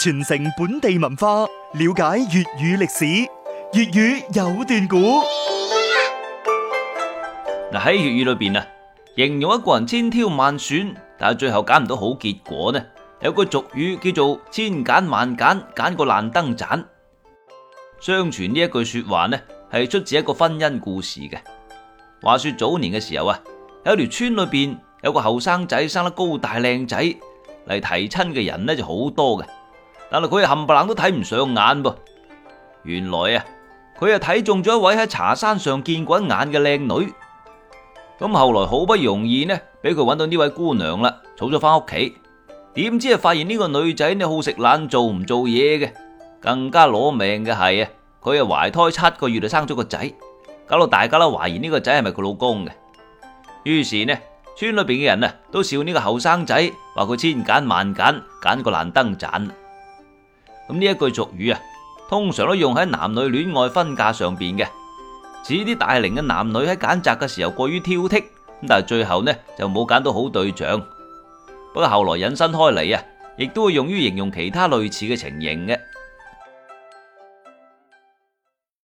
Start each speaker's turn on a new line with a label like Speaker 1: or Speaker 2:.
Speaker 1: 傳承本地文化，了解粵語歷史。粵語有段古。嗱，喺粵語裏邊啊，形容一個人千挑萬選，但係最後揀唔到好結果呢？有個俗語叫做“千揀萬揀，揀個爛燈盞”。相傳呢一句說話呢，係出自一個婚姻故事嘅。話說早年嘅時候啊，喺條村裏邊有個後生仔生得高大靚仔，嚟提親嘅人呢就好多嘅。但係佢又冚唪唥都睇唔上眼噃。原來啊，佢啊睇中咗一位喺茶山上見過一眼嘅靚女。咁後來好不容易呢，俾佢揾到呢位姑娘啦，娶咗返屋企。點知啊，發現呢個女仔呢好食懶做唔做嘢嘅，更加攞命嘅係啊，佢啊懷胎七個月就生咗個仔，搞到大家都懷疑呢個仔係咪佢老公嘅。於是呢，村裏邊嘅人啊都笑呢個後生仔，話佢千揀萬揀，揀個爛燈盞。咁呢一句俗語啊，通常都用喺男女戀愛婚嫁上邊嘅，指啲大齡嘅男女喺揀擇嘅時候過於挑剔，咁但係最後呢就冇揀到好對象。不過後來引申開嚟啊，亦都會用於形容其他類似嘅情形嘅。